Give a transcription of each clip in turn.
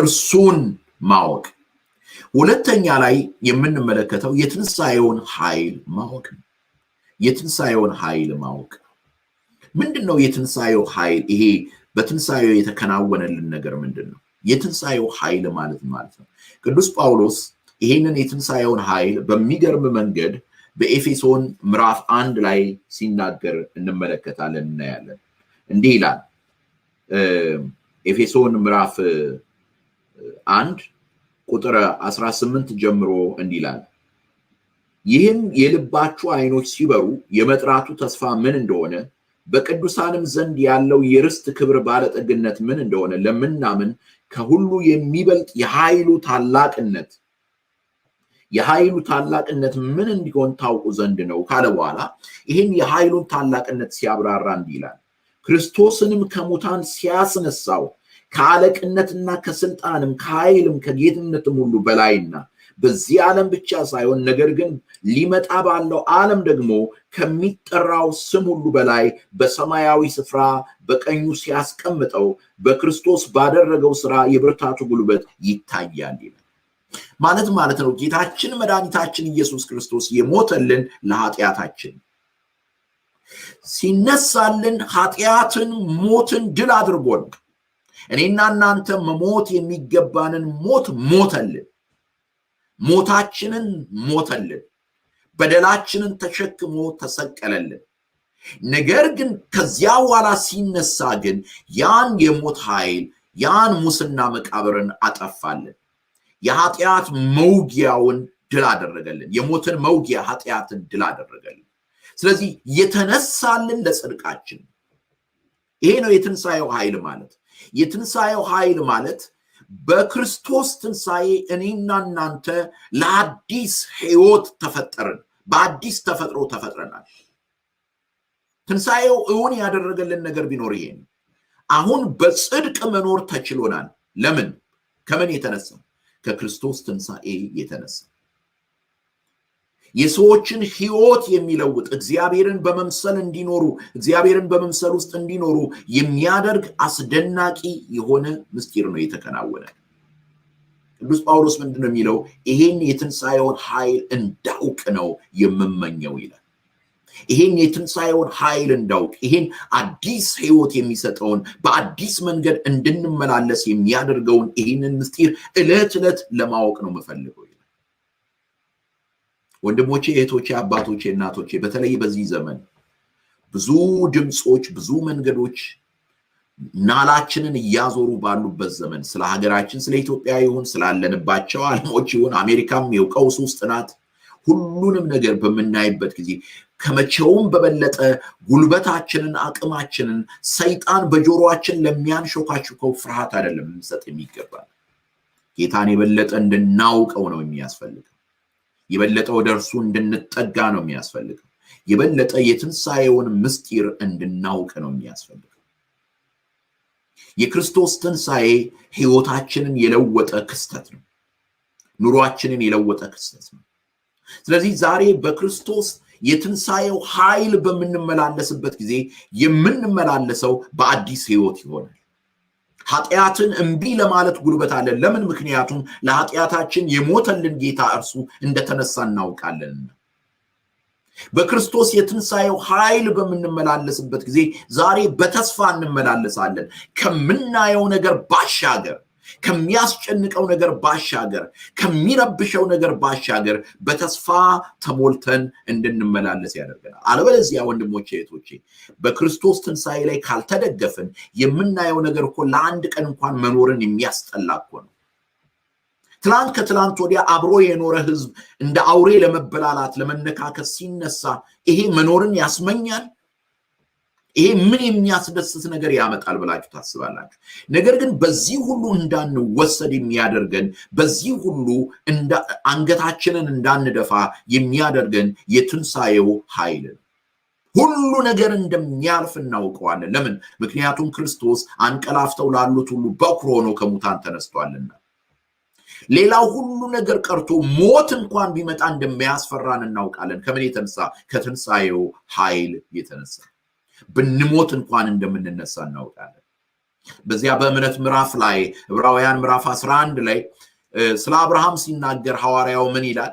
እርሱን ማወቅ። ሁለተኛ ላይ የምንመለከተው የትንሣኤውን ኃይል ማወቅ ነው። የትንሣኤውን ኃይል ማወቅ ምንድን ነው? የትንሣኤው ኃይል ይሄ በትንሣኤው የተከናወነልን ነገር ምንድን ነው? የትንሣኤው ኃይል ማለት ማለት ነው። ቅዱስ ጳውሎስ ይሄንን የትንሣኤውን ኃይል በሚገርም መንገድ በኤፌሶን ምዕራፍ አንድ ላይ ሲናገር እንመለከታለን፣ እናያለን። እንዲህ ይላል ኤፌሶን ምዕራፍ አንድ ቁጥር 18 ጀምሮ እንዲላል ይህም የልባችሁ አይኖች ሲበሩ የመጥራቱ ተስፋ ምን እንደሆነ በቅዱሳንም ዘንድ ያለው የርስት ክብር ባለጠግነት ምን እንደሆነ ለምናምን ከሁሉ የሚበልጥ የኃይሉ ታላቅነት የኃይሉ ታላቅነት ምን እንዲሆን ታውቁ ዘንድ ነው ካለ በኋላ ይህን የኃይሉን ታላቅነት ሲያብራራ እንዲህ ይላል ክርስቶስንም ከሙታን ሲያስነሳው ከአለቅነትና ከስልጣንም ከኃይልም ከጌትነትም ሁሉ በላይና በዚህ ዓለም ብቻ ሳይሆን ነገር ግን ሊመጣ ባለው ዓለም ደግሞ ከሚጠራው ስም ሁሉ በላይ በሰማያዊ ስፍራ በቀኙ ሲያስቀምጠው በክርስቶስ ባደረገው ስራ የብርታቱ ጉልበት ይታያል ይላል። ማለት ማለት ነው ጌታችን መድኃኒታችን ኢየሱስ ክርስቶስ የሞተልን ለኃጢአታችን ሲነሳልን ኃጢአትን ሞትን ድል አድርጎ ነው። እኔና እናንተ መሞት የሚገባንን ሞት ሞተልን፣ ሞታችንን ሞተልን፣ በደላችንን ተሸክሞ ተሰቀለልን። ነገር ግን ከዚያ በኋላ ሲነሳ ግን ያን የሞት ኃይል ያን ሙስና መቃብርን አጠፋልን። የኃጢአት መውጊያውን ድል አደረገልን። የሞትን መውጊያ ኃጢአትን ድል አደረገልን። ስለዚህ የተነሳልን ለጽድቃችን። ይሄ ነው የትንሣኤው ኃይል ማለት የትንሣኤው ኃይል ማለት በክርስቶስ ትንሣኤ እኔና እናንተ ለአዲስ ህይወት ተፈጠርን። በአዲስ ተፈጥሮ ተፈጥረናል። ትንሣኤው እውን ያደረገልን ነገር ቢኖር ነው። አሁን በጽድቅ መኖር ተችሎናል። ለምን? ከምን የተነሳ? ከክርስቶስ ትንሣኤ የተነሳ የሰዎችን ሕይወት የሚለውጥ እግዚአብሔርን በመምሰል እንዲኖሩ እግዚአብሔርን በመምሰል ውስጥ እንዲኖሩ የሚያደርግ አስደናቂ የሆነ ምስጢር ነው የተከናወነ። ቅዱስ ጳውሎስ ምንድን ነው የሚለው? ይሄን የትንሣኤውን ኃይል እንዳውቅ ነው የምመኘው ይላል። ይሄን የትንሣኤውን ኃይል እንዳውቅ ይሄን አዲስ ህይወት የሚሰጠውን በአዲስ መንገድ እንድንመላለስ የሚያደርገውን ይህንን ምስጢር ዕለት ዕለት ለማወቅ ነው የምፈልገው። ወንድሞቼ፣ እህቶቼ፣ አባቶቼ፣ እናቶቼ በተለይ በዚህ ዘመን ብዙ ድምፆች፣ ብዙ መንገዶች ናላችንን እያዞሩ ባሉበት ዘመን ስለ ሀገራችን ስለ ኢትዮጵያ ይሁን ስላለንባቸው ዓለሞች ይሁን አሜሪካም ይኸው ቀውስ ውስጥ ናት። ሁሉንም ነገር በምናይበት ጊዜ ከመቼውም በበለጠ ጉልበታችንን፣ አቅማችንን ሰይጣን በጆሮችን ለሚያንሾካሾከው ፍርሃት አይደለም ሰጥ የሚገባል። ጌታን የበለጠ እንድናውቀው ነው የሚያስፈልግ የበለጠ ወደ እርሱ እንድንጠጋ ነው የሚያስፈልገው። የበለጠ የትንሣኤውን ምስጢር እንድናውቅ ነው የሚያስፈልገው። የክርስቶስ ትንሣኤ ሕይወታችንን የለወጠ ክስተት ነው። ኑሯችንን የለወጠ ክስተት ነው። ስለዚህ ዛሬ በክርስቶስ የትንሣኤው ኃይል በምንመላለስበት ጊዜ የምንመላለሰው በአዲስ ሕይወት ይሆናል። ኃጢአትን እምቢ ለማለት ጉልበት አለን። ለምን? ምክንያቱም ለኃጢአታችን የሞተልን ጌታ እርሱ እንደተነሳ እናውቃለን። በክርስቶስ የትንሣኤው ኃይል በምንመላለስበት ጊዜ ዛሬ በተስፋ እንመላለሳለን ከምናየው ነገር ባሻገር ከሚያስጨንቀው ነገር ባሻገር ከሚረብሸው ነገር ባሻገር በተስፋ ተሞልተን እንድንመላለስ ያደርገናል። አለበለዚያ ወንድሞቼ እህቶቼ፣ በክርስቶስ ትንሣኤ ላይ ካልተደገፍን የምናየው ነገር እኮ ለአንድ ቀን እንኳን መኖርን የሚያስጠላ እኮ ነው። ትላንት ከትላንት ወዲያ አብሮ የኖረ ህዝብ እንደ አውሬ ለመበላላት ለመነካከት ሲነሳ ይሄ መኖርን ያስመኛል? ይሄ ምን የሚያስደስት ነገር ያመጣል ብላችሁ ታስባላችሁ? ነገር ግን በዚህ ሁሉ እንዳንወሰድ የሚያደርገን በዚህ ሁሉ አንገታችንን እንዳንደፋ የሚያደርገን የትንሣኤው ኃይል ነው። ሁሉ ነገር እንደሚያልፍ እናውቀዋለን። ለምን? ምክንያቱም ክርስቶስ አንቀላፍተው ላሉት ሁሉ በኩር ሆኖ ከሙታን ተነስቷልና። ሌላው ሁሉ ነገር ቀርቶ ሞት እንኳን ቢመጣ እንደሚያስፈራን እናውቃለን። ከምን የተነሳ? ከትንሣኤው ኃይል የተነሳ ብንሞት እንኳን እንደምንነሳ እናውቃለን። በዚያ በእምነት ምዕራፍ ላይ ዕብራውያን ምዕራፍ 11 ላይ ስለ አብርሃም ሲናገር ሐዋርያው ምን ይላል?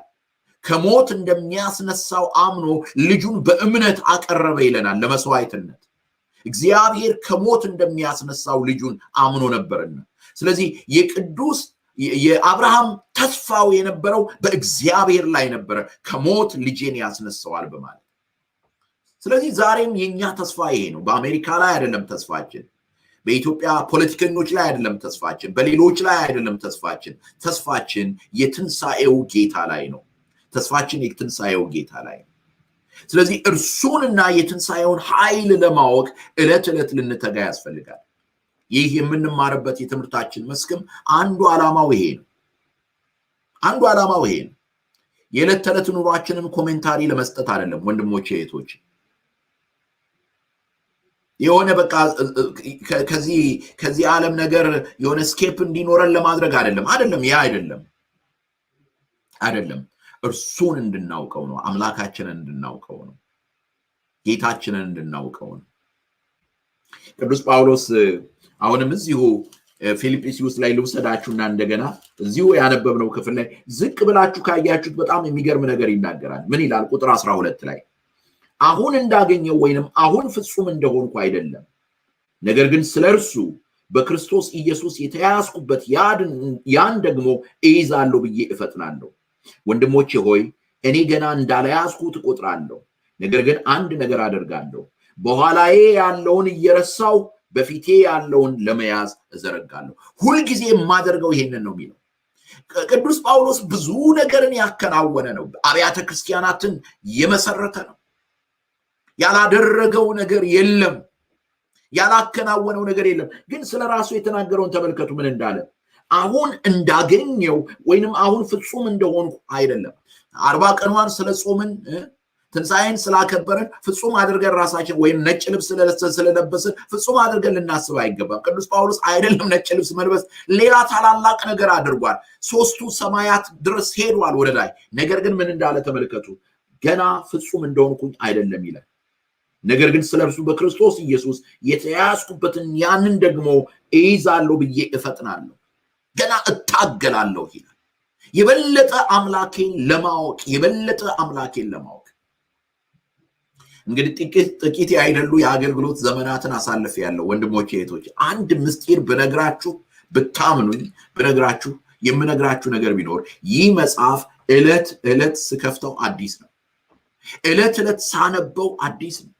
ከሞት እንደሚያስነሳው አምኖ ልጁን በእምነት አቀረበ ይለናል ለመስዋዕትነት። እግዚአብሔር ከሞት እንደሚያስነሳው ልጁን አምኖ ነበርና፣ ስለዚህ የቅዱስ የአብርሃም ተስፋው የነበረው በእግዚአብሔር ላይ ነበረ፣ ከሞት ልጄን ያስነሳዋል በማለት ስለዚህ ዛሬም የኛ ተስፋ ይሄ ነው። በአሜሪካ ላይ አይደለም ተስፋችን፣ በኢትዮጵያ ፖለቲከኞች ላይ አይደለም ተስፋችን፣ በሌሎች ላይ አይደለም ተስፋችን። ተስፋችን የትንሣኤው ጌታ ላይ ነው። ተስፋችን የትንሣኤው ጌታ ላይ ነው። ስለዚህ እርሱንና የትንሣኤውን ኃይል ለማወቅ ዕለት ዕለት ልንተጋ ያስፈልጋል። ይህ የምንማርበት የትምህርታችን መስክም አንዱ ዓላማው ይሄ ነው። አንዱ ዓላማው ይሄ ነው። የዕለት ተዕለት ኑሯችንን ኮሜንታሪ ለመስጠት አይደለም ወንድሞቼ እህቶች የሆነ በቃ ከዚህ ከዚህ ዓለም ነገር የሆነ ስኬፕ እንዲኖረን ለማድረግ አይደለም አይደለም ያ አይደለም አይደለም እርሱን እንድናውቀው ነው አምላካችንን እንድናውቀው ነው ጌታችንን እንድናውቀው ነው ቅዱስ ጳውሎስ አሁንም እዚሁ ፊልጵስዩስ ላይ ልውሰዳችሁና እንደገና እዚሁ ያነበብነው ክፍል ላይ ዝቅ ብላችሁ ካያችሁት በጣም የሚገርም ነገር ይናገራል ምን ይላል ቁጥር አስራ ሁለት ላይ አሁን እንዳገኘው ወይንም አሁን ፍጹም እንደሆንኩ አይደለም። ነገር ግን ስለ እርሱ በክርስቶስ ኢየሱስ የተያያዝኩበት ያን ደግሞ እይዛለሁ ብዬ እፈጥናለሁ። ወንድሞቼ ሆይ እኔ ገና እንዳልያዝኩ ትቆጥራለሁ። ነገር ግን አንድ ነገር አደርጋለሁ፣ በኋላዬ ያለውን እየረሳው በፊቴ ያለውን ለመያዝ እዘረጋለሁ። ሁልጊዜ የማደርገው ይሄንን ነው የሚለው ቅዱስ ጳውሎስ ብዙ ነገርን ያከናወነ ነው። አብያተ ክርስቲያናትን የመሰረተ ነው። ያላደረገው ነገር የለም፣ ያላከናወነው ነገር የለም። ግን ስለ ራሱ የተናገረውን ተመልከቱ ምን እንዳለ። አሁን እንዳገኘው ወይንም አሁን ፍጹም እንደሆንኩ አይደለም። አርባ ቀኗን ስለ ጾምን ትንሣኤን ስላከበረን ፍጹም አድርገን ራሳችን ወይም ነጭ ልብስ ስለለበስን ፍጹም አድርገን ልናስብ አይገባም። ቅዱስ ጳውሎስ አይደለም ነጭ ልብስ መልበስ፣ ሌላ ታላላቅ ነገር አድርጓል። ሶስቱ ሰማያት ድረስ ሄዷል ወደ ላይ። ነገር ግን ምን እንዳለ ተመልከቱ፣ ገና ፍጹም እንደሆንኩኝ አይደለም ይላል። ነገር ግን ስለ እርሱ በክርስቶስ ኢየሱስ የተያዝኩበትን ያንን ደግሞ እይዛለሁ ብዬ እፈጥናለሁ፣ ገና እታገላለሁ ይላል። የበለጠ አምላኬን ለማወቅ የበለጠ አምላኬን ለማወቅ እንግዲህ ጥቂት ያይደሉ የአገልግሎት ዘመናትን አሳልፍ ያለው ወንድሞቼ እህቶች፣ አንድ ምስጢር ብነግራችሁ ብታምኑኝ ብነግራችሁ የምነግራችሁ ነገር ቢኖር ይህ መጽሐፍ ዕለት ዕለት ስከፍተው አዲስ ነው። ዕለት ዕለት ሳነበው አዲስ ነው።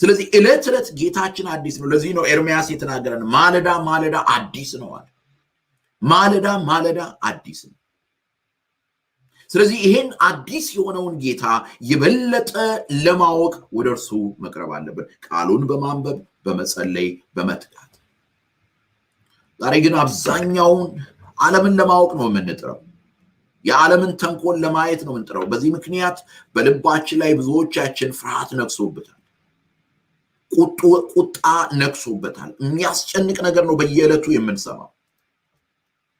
ስለዚህ እለት እለት ጌታችን አዲስ ነው። ለዚህ ነው ኤርሚያስ የተናገረን ማለዳ ማለዳ አዲስ ነው አለ። ማለዳ ማለዳ አዲስ ነው። ስለዚህ ይሄን አዲስ የሆነውን ጌታ የበለጠ ለማወቅ ወደ እርሱ መቅረብ አለብን፣ ቃሉን በማንበብ በመጸለይ፣ በመትጋት። ዛሬ ግን አብዛኛውን ዓለምን ለማወቅ ነው የምንጥረው የዓለምን ተንኮል ለማየት ነው የምንጥረው። በዚህ ምክንያት በልባችን ላይ ብዙዎቻችን ፍርሃት ነግሶበታል። ቁጣ ነግሶበታል። የሚያስጨንቅ ነገር ነው በየዕለቱ የምንሰማው።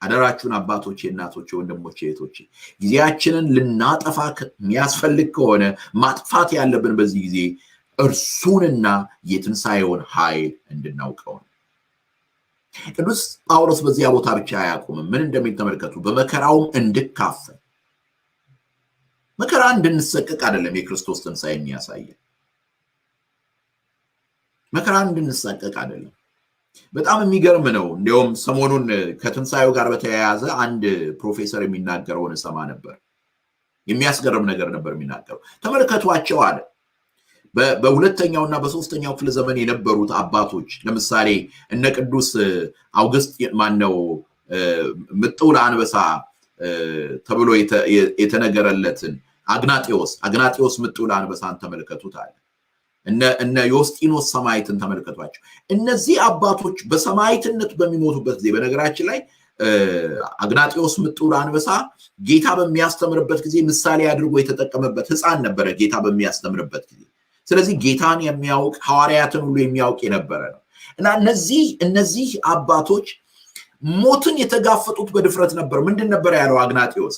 አደራችሁን አባቶቼ፣ እናቶቼ፣ ወንድሞቼ፣ እህቶቼ ጊዜያችንን ልናጠፋ የሚያስፈልግ ከሆነ ማጥፋት ያለብን በዚህ ጊዜ እርሱንና የትንሣኤውን ኃይል እንድናውቀው ነው። ቅዱስ ጳውሎስ በዚያ ቦታ ብቻ አያቆምም። ምን እንደሚል ተመልከቱ። በመከራውም እንድካፈል መከራ እንድንሰቀቅ አይደለም የክርስቶስ ትንሣኤ የሚያሳየን መከራን እንድንሳቀቅ አይደለም። በጣም የሚገርም ነው። እንዲሁም ሰሞኑን ከትንሣኤው ጋር በተያያዘ አንድ ፕሮፌሰር የሚናገረውን እሰማ ነበር። የሚያስገርም ነገር ነበር የሚናገረው። ተመልከቷቸው አለ። በሁለተኛውና በሶስተኛው ክፍለ ዘመን የነበሩት አባቶች ለምሳሌ እነ ቅዱስ አውግስት ማነው ምጥውል አንበሳ ተብሎ የተነገረለትን አግናጤዎስ አግናጤዎስ ምጥውል አንበሳን ተመልከቱት አለ። እነ ዮስጢኖስ ሰማይትን ተመልከቷቸው። እነዚህ አባቶች በሰማይትነት በሚሞቱበት ጊዜ በነገራችን ላይ አግናጢዎስ ምጡር አንበሳ ጌታ በሚያስተምርበት ጊዜ ምሳሌ አድርጎ የተጠቀመበት ሕፃን ነበረ ጌታ በሚያስተምርበት ጊዜ። ስለዚህ ጌታን የሚያውቅ ሐዋርያትን ሁሉ የሚያውቅ የነበረ ነው እና እነዚህ እነዚህ አባቶች ሞትን የተጋፈጡት በድፍረት ነበር። ምንድን ነበር ያለው አግናጢዎስ?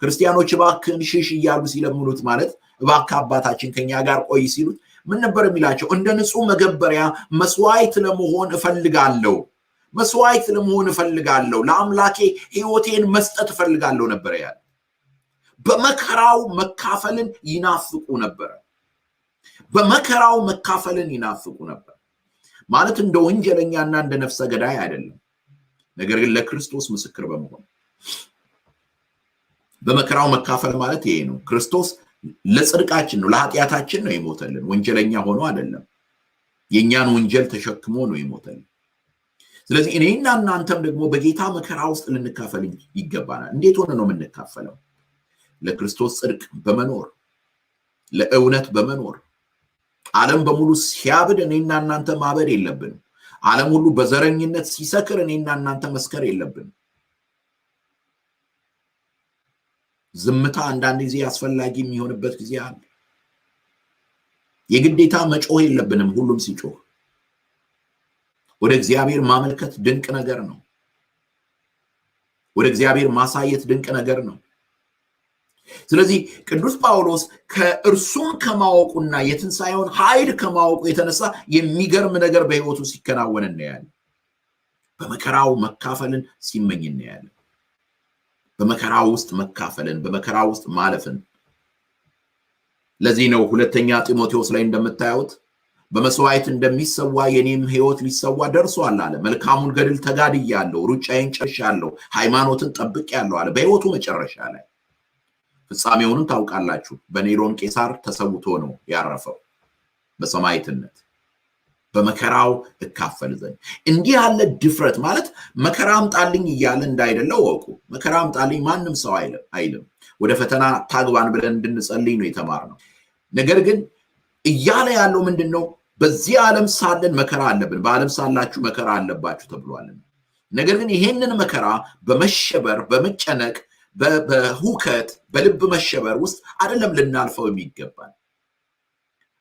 ክርስቲያኖች እባክን ሽሽ እያሉ ሲለምኑት ማለት እባክ አባታችን ከኛ ጋር ቆይ ሲሉት ምን ነበር የሚላቸው? እንደ ንጹህ መገበሪያ መስዋዕት ለመሆን እፈልጋለሁ፣ መስዋዕት ለመሆን እፈልጋለሁ፣ ለአምላኬ ህይወቴን መስጠት እፈልጋለሁ ነበር ያለ። በመከራው መካፈልን ይናፍቁ ነበረ። በመከራው መካፈልን ይናፍቁ ነበር ማለት እንደ ወንጀለኛና እንደ ነፍሰ ገዳይ አይደለም፣ ነገር ግን ለክርስቶስ ምስክር በመሆን በመከራው መካፈል ማለት ይሄ ነው። ክርስቶስ ለጽድቃችን ነው፣ ለኃጢአታችን ነው የሞተልን። ወንጀለኛ ሆኖ አይደለም፣ የእኛን ወንጀል ተሸክሞ ነው የሞተልን። ስለዚህ እኔና እናንተም ደግሞ በጌታ መከራ ውስጥ ልንካፈል ይገባናል። እንዴት ሆነ ነው የምንካፈለው? ለክርስቶስ ጽድቅ በመኖር ለእውነት በመኖር ዓለም በሙሉ ሲያብድ እኔና እናንተ ማበድ የለብንም። ዓለም ሁሉ በዘረኝነት ሲሰክር እኔና እናንተ መስከር የለብንም። ዝምታ አንዳንድ ጊዜ አስፈላጊ የሚሆንበት ጊዜ አለ። የግዴታ መጮህ የለብንም። ሁሉም ሲጮህ ወደ እግዚአብሔር ማመልከት ድንቅ ነገር ነው። ወደ እግዚአብሔር ማሳየት ድንቅ ነገር ነው። ስለዚህ ቅዱስ ጳውሎስ ከእርሱን ከማወቁና የትንሣኤውን ኃይል ከማወቁ የተነሳ የሚገርም ነገር በሕይወቱ ሲከናወን እናያለን። በመከራው መካፈልን ሲመኝ እናያለን። በመከራ ውስጥ መካፈልን፣ በመከራ ውስጥ ማለፍን። ለዚህ ነው ሁለተኛ ጢሞቴዎስ ላይ እንደምታዩት በመስዋዕት እንደሚሰዋ የኔም ሕይወት ሊሰዋ ደርሷል አለ። መልካሙን ገድል ተጋድያለሁ፣ ሩጫዬን ጨርሻለሁ፣ ሃይማኖትን ጠብቄያለሁ አለ። በሕይወቱ መጨረሻ ላይ ፍጻሜውንም ታውቃላችሁ፣ በኔሮን ቄሳር ተሰውቶ ነው ያረፈው በሰማዕትነት። በመከራው እካፈል ዘንድ። እንዲህ ያለ ድፍረት ማለት መከራ አምጣልኝ እያለ እንዳይደለው ወቁ። መከራ አምጣልኝ ማንም ሰው አይልም። ወደ ፈተና ታግባን ብለን እንድንጸልይ ነው የተማርነው። ነገር ግን እያለ ያለው ምንድን ነው? በዚህ ዓለም ሳለን መከራ አለብን፣ በዓለም ሳላችሁ መከራ አለባችሁ ተብሏልን። ነገር ግን ይሄንን መከራ በመሸበር በመጨነቅ በሁከት በልብ መሸበር ውስጥ አይደለም ልናልፈው የሚገባል።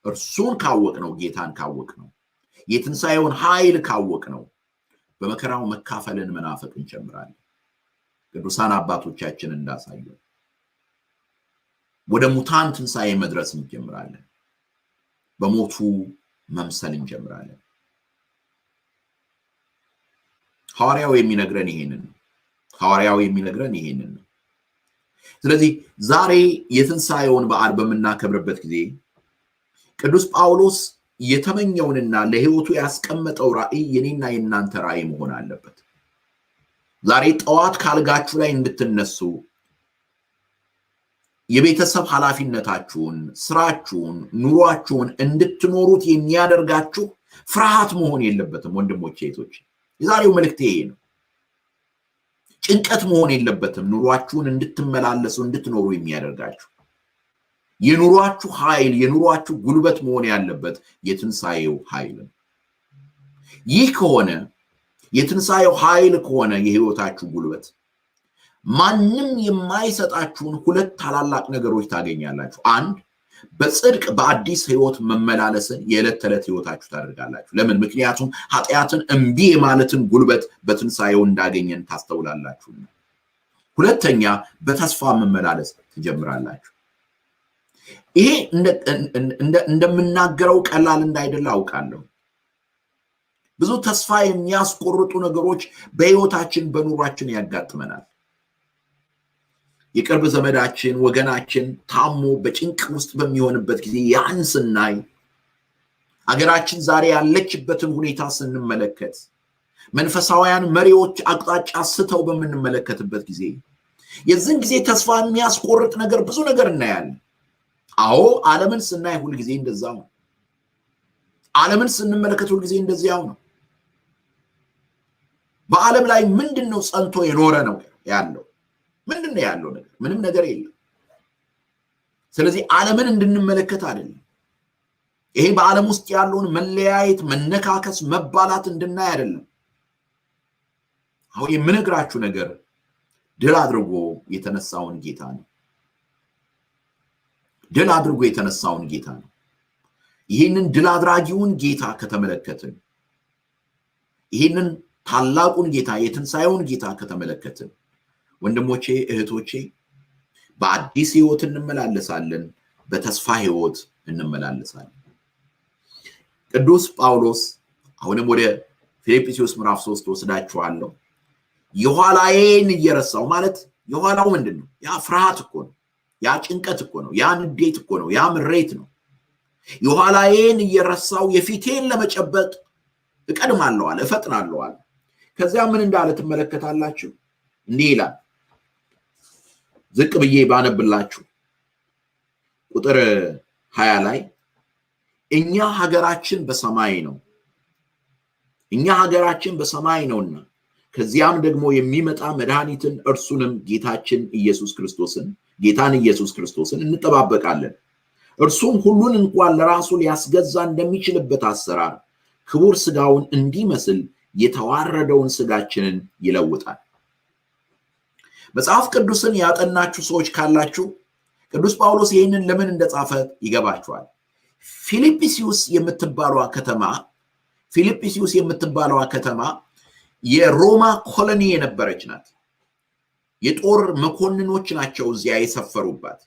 እርሱን ካወቅ ነው ጌታን ካወቅ ነው የትንሣኤውን ኃይል ካወቅ ነው በመከራው መካፈልን መናፈቅ እንጀምራለን። ቅዱሳን አባቶቻችን እንዳሳዩ ወደ ሙታን ትንሣኤ መድረስ እንጀምራለን። በሞቱ መምሰል እንጀምራለን። ሐዋርያው የሚነግረን ይሄንን ሐዋርያው የሚነግረን ይሄንን ነው። ስለዚህ ዛሬ የትንሣኤውን በዓል በምናከብርበት ጊዜ ቅዱስ ጳውሎስ የተመኘውንና ለህይወቱ ያስቀመጠው ራዕይ የኔና የእናንተ ራዕይ መሆን አለበት። ዛሬ ጠዋት ካልጋችሁ ላይ እንድትነሱ የቤተሰብ ኃላፊነታችሁን፣ ስራችሁን፣ ኑሯችሁን እንድትኖሩት የሚያደርጋችሁ ፍርሃት መሆን የለበትም። ወንድሞች ቶች የዛሬው መልእክት ይሄ ነው። ጭንቀት መሆን የለበትም ኑሯችሁን እንድትመላለሱ እንድትኖሩ የሚያደርጋችሁ የኑሯችሁ ኃይል የኑሯችሁ ጉልበት መሆን ያለበት የትንሣኤው ኃይል ነው። ይህ ከሆነ የትንሣኤው ኃይል ከሆነ የህይወታችሁ ጉልበት ማንም የማይሰጣችሁን ሁለት ታላላቅ ነገሮች ታገኛላችሁ። አንድ በጽድቅ በአዲስ ህይወት መመላለስን የዕለት ተዕለት ህይወታችሁ ታደርጋላችሁ። ለምን? ምክንያቱም ኃጢአትን እምቢ የማለትን ጉልበት በትንሣኤው እንዳገኘን ታስተውላላችሁና። ሁለተኛ በተስፋ መመላለስ ትጀምራላችሁ። ይሄ እንደምናገረው ቀላል እንዳይደለ አውቃለሁ። ብዙ ተስፋ የሚያስቆርጡ ነገሮች በህይወታችን በኑሯችን ያጋጥመናል። የቅርብ ዘመዳችን ወገናችን ታሞ በጭንቅ ውስጥ በሚሆንበት ጊዜ ያን ስናይ፣ አገራችን ዛሬ ያለችበትን ሁኔታ ስንመለከት፣ መንፈሳውያን መሪዎች አቅጣጫ ስተው በምንመለከትበት ጊዜ የዚህን ጊዜ ተስፋ የሚያስቆርጥ ነገር ብዙ ነገር እናያለን። አዎ ዓለምን ስናይ ሁል ጊዜ እንደዛው ነው። ዓለምን ስንመለከት ሁል ጊዜ እንደዚያው ነው። በዓለም ላይ ምንድን ነው ጸንቶ የኖረ ነው ያለው? ምንድን ነው ያለው ነገር? ምንም ነገር የለም። ስለዚህ ዓለምን እንድንመለከት አይደለም። ይሄ በዓለም ውስጥ ያለውን መለያየት፣ መነካከስ፣ መባላት እንድናይ አይደለም። አሁን የምነግራችሁ ነገር ድል አድርጎ የተነሳውን ጌታ ነው። ድል አድርጎ የተነሳውን ጌታ ነው። ይህንን ድል አድራጊውን ጌታ ከተመለከትን፣ ይህንን ታላቁን ጌታ የትንሣኤውን ጌታ ከተመለከትን፣ ወንድሞቼ እህቶቼ፣ በአዲስ ህይወት እንመላለሳለን፣ በተስፋ ህይወት እንመላለሳለን። ቅዱስ ጳውሎስ አሁንም ወደ ፊልጵስዩስ ምዕራፍ ሶስት ወስዳችኋለሁ። የኋላዬን እየረሳው ማለት የኋላው ምንድን ነው? ያ ፍርሃት እኮ ነው። ያ ጭንቀት እኮ ነው። ያ ንዴት እኮ ነው። ያ ምሬት ነው። የኋላዬን እየረሳው የፊቴን ለመጨበጥ እቀድማለዋል፣ እፈጥናለዋል። ከዚያ ምን እንዳለ ትመለከታላችሁ። እንዲህ ይላል። ዝቅ ብዬ ባነብላችሁ ቁጥር ሀያ ላይ እኛ ሀገራችን በሰማይ ነው እኛ ሀገራችን በሰማይ ነውና ከዚያም ደግሞ የሚመጣ መድኃኒትን እርሱንም ጌታችን ኢየሱስ ክርስቶስን ጌታን ኢየሱስ ክርስቶስን እንጠባበቃለን። እርሱም ሁሉን እንኳን ለራሱ ሊያስገዛ እንደሚችልበት አሰራር ክቡር ስጋውን እንዲመስል የተዋረደውን ስጋችንን ይለውጣል። መጽሐፍ ቅዱስን ያጠናችሁ ሰዎች ካላችሁ ቅዱስ ጳውሎስ ይህንን ለምን እንደጻፈ ይገባችኋል። ፊልጵስዩስ የምትባሏ ከተማ ፊልጵስዩስ የምትባለዋ ከተማ የሮማ ኮሎኒ የነበረች ናት። የጦር መኮንኖች ናቸው እዚያ የሰፈሩባት።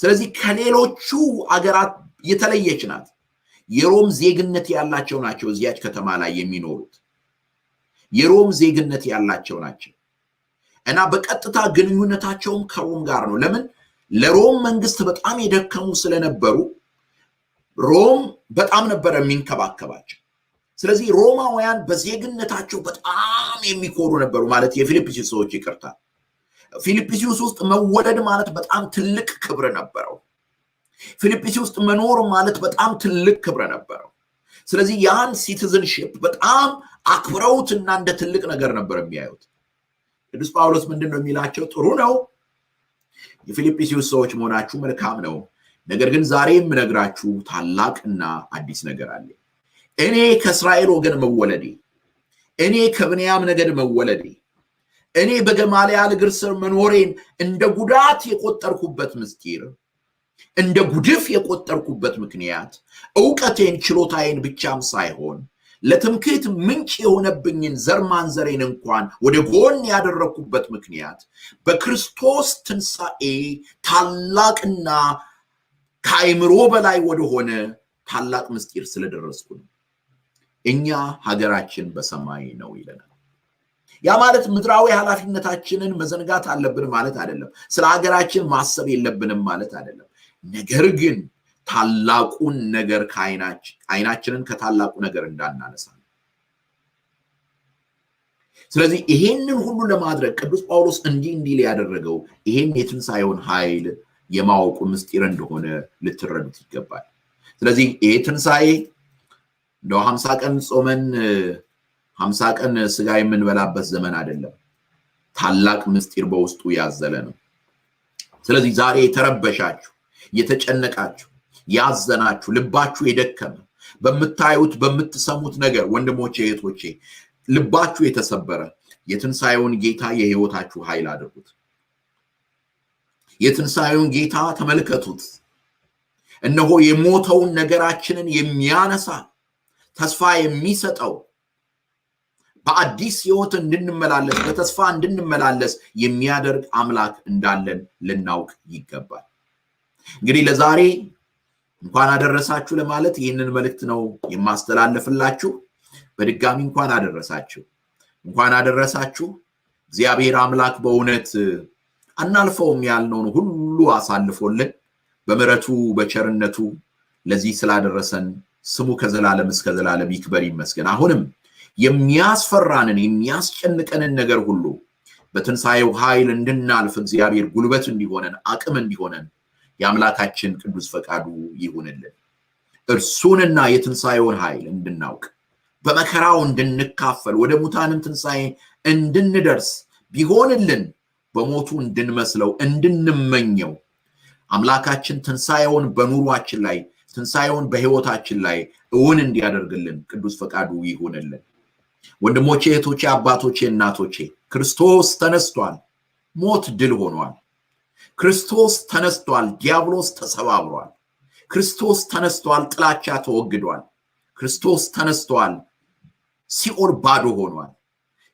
ስለዚህ ከሌሎቹ አገራት የተለየች ናት። የሮም ዜግነት ያላቸው ናቸው እዚያች ከተማ ላይ የሚኖሩት የሮም ዜግነት ያላቸው ናቸው እና በቀጥታ ግንኙነታቸውም ከሮም ጋር ነው። ለምን? ለሮም መንግስት በጣም የደከሙ ስለነበሩ ሮም በጣም ነበረ የሚንከባከባቸው። ስለዚህ ሮማውያን በዜግነታቸው በጣም የሚኮሩ ነበሩ። ማለት የፊልጵስዩስ ሰዎች ይቅርታል ፊልጵስዩስ ውስጥ መወለድ ማለት በጣም ትልቅ ክብር ነበረው። ፊልጵስዩስ ውስጥ መኖር ማለት በጣም ትልቅ ክብር ነበረው። ስለዚህ ያን ሲቲዝንሽፕ በጣም አክብረውትና እንደ ትልቅ ነገር ነበር የሚያዩት። ቅዱስ ጳውሎስ ምንድን ነው የሚላቸው? ጥሩ ነው የፊልጵስዩስ ሰዎች መሆናችሁ መልካም ነው። ነገር ግን ዛሬ የምነግራችሁ ታላቅና አዲስ ነገር አለ። እኔ ከእስራኤል ወገን መወለዴ፣ እኔ ከብንያም ነገድ መወለዴ እኔ በገማልያል እግር ስር መኖሬን እንደ ጉዳት የቆጠርኩበት ምስጢር፣ እንደ ጉድፍ የቆጠርኩበት ምክንያት እውቀቴን ችሎታዬን ብቻም ሳይሆን ለትምክህት ምንጭ የሆነብኝን ዘር ማንዘሬን እንኳን ወደ ጎን ያደረግኩበት ምክንያት በክርስቶስ ትንሣኤ ታላቅና ከአይምሮ በላይ ወደሆነ ታላቅ ምስጢር ስለደረስኩ ነው። እኛ ሀገራችን በሰማይ ነው ይለናል። ያ ማለት ምድራዊ ኃላፊነታችንን መዘንጋት አለብን ማለት አይደለም። ስለ ሀገራችን ማሰብ የለብንም ማለት አይደለም። ነገር ግን ታላቁን ነገር አይናችንን ከታላቁ ነገር እንዳናነሳ ስለዚህ ይሄንን ሁሉ ለማድረግ ቅዱስ ጳውሎስ እንዲህ እንዲል ያደረገው ይሄን የትንሣኤውን ኃይል የማወቁ ምስጢር እንደሆነ ልትረዱት ይገባል። ስለዚህ ይሄ ትንሣኤ እንደው ሀምሳ ቀን ጾመን ሀምሳ ቀን ስጋ የምንበላበት ዘመን አይደለም። ታላቅ ምስጢር በውስጡ ያዘለ ነው። ስለዚህ ዛሬ የተረበሻችሁ፣ የተጨነቃችሁ፣ ያዘናችሁ፣ ልባችሁ የደከመ በምታዩት በምትሰሙት ነገር ወንድሞቼ እህቶቼ፣ ልባችሁ የተሰበረ የትንሣኤውን ጌታ የህይወታችሁ ኃይል አድርጉት። የትንሣኤውን ጌታ ተመልከቱት። እነሆ የሞተውን ነገራችንን የሚያነሳ ተስፋ የሚሰጠው በአዲስ ህይወት እንድንመላለስ በተስፋ እንድንመላለስ የሚያደርግ አምላክ እንዳለን ልናውቅ ይገባል። እንግዲህ ለዛሬ እንኳን አደረሳችሁ ለማለት ይህንን መልእክት ነው የማስተላለፍላችሁ። በድጋሚ እንኳን አደረሳችሁ፣ እንኳን አደረሳችሁ። እግዚአብሔር አምላክ በእውነት አናልፈውም ያልነውን ሁሉ አሳልፎልን በምሕረቱ በቸርነቱ ለዚህ ስላደረሰን ስሙ ከዘላለም እስከ ዘላለም ይክበር ይመስገን። አሁንም የሚያስፈራንን የሚያስጨንቀንን ነገር ሁሉ በትንሣኤው ኃይል እንድናልፍ እግዚአብሔር ጉልበት እንዲሆነን አቅም እንዲሆነን የአምላካችን ቅዱስ ፈቃዱ ይሁንልን። እርሱንና የትንሣኤውን ኃይል እንድናውቅ በመከራው እንድንካፈል ወደ ሙታንም ትንሣኤ እንድንደርስ ቢሆንልን በሞቱ እንድንመስለው እንድንመኘው አምላካችን ትንሣኤውን በኑሯችን ላይ ትንሣኤውን በሕይወታችን ላይ እውን እንዲያደርግልን ቅዱስ ፈቃዱ ይሁንልን። ወንድሞቼ፣ እህቶቼ፣ አባቶቼ፣ እናቶቼ ክርስቶስ ተነስቷል። ሞት ድል ሆኗል። ክርስቶስ ተነስቷል። ዲያብሎስ ተሰባብሯል። ክርስቶስ ተነስቷል። ጥላቻ ተወግዷል። ክርስቶስ ተነስቷል። ሲኦል ባዶ ሆኗል።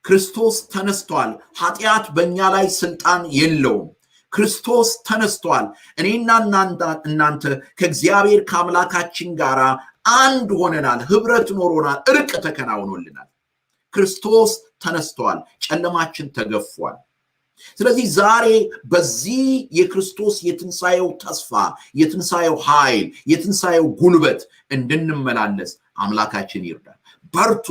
ክርስቶስ ተነስቷል። ኃጢአት በእኛ ላይ ስልጣን የለውም። ክርስቶስ ተነስቷል። እኔና እናንተ ከእግዚአብሔር ከአምላካችን ጋር አንድ ሆነናል። ህብረት ኖሮናል። እርቅ ተከናውኖልናል። ክርስቶስ ተነስቷል፣ ጨለማችን ተገፏል። ስለዚህ ዛሬ በዚህ የክርስቶስ የትንሣኤው ተስፋ፣ የትንሣኤው ኃይል፣ የትንሣኤው ጉልበት እንድንመላለስ አምላካችን ይርዳል። በርቱ፣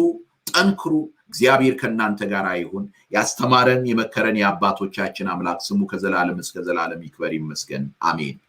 ጠንክሩ። እግዚአብሔር ከእናንተ ጋር ይሁን። ያስተማረን የመከረን የአባቶቻችን አምላክ ስሙ ከዘላለም እስከ ዘላለም ይክበር ይመስገን። አሜን።